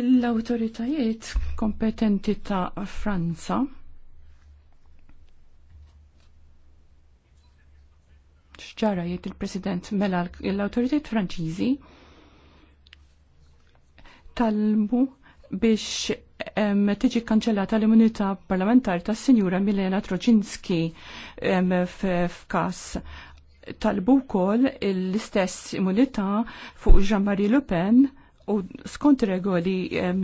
l-autoritajiet kompetenti ta' Franza xġara jiet il-President mela l-autoritajiet franċiżi talmu biex tiġi kanċellata l-immunità parlamentari tas sinjura Milena Troċinski f'kas talbu wkoll l-istess immunità fuq Jean-Marie Le Pen u skont regoli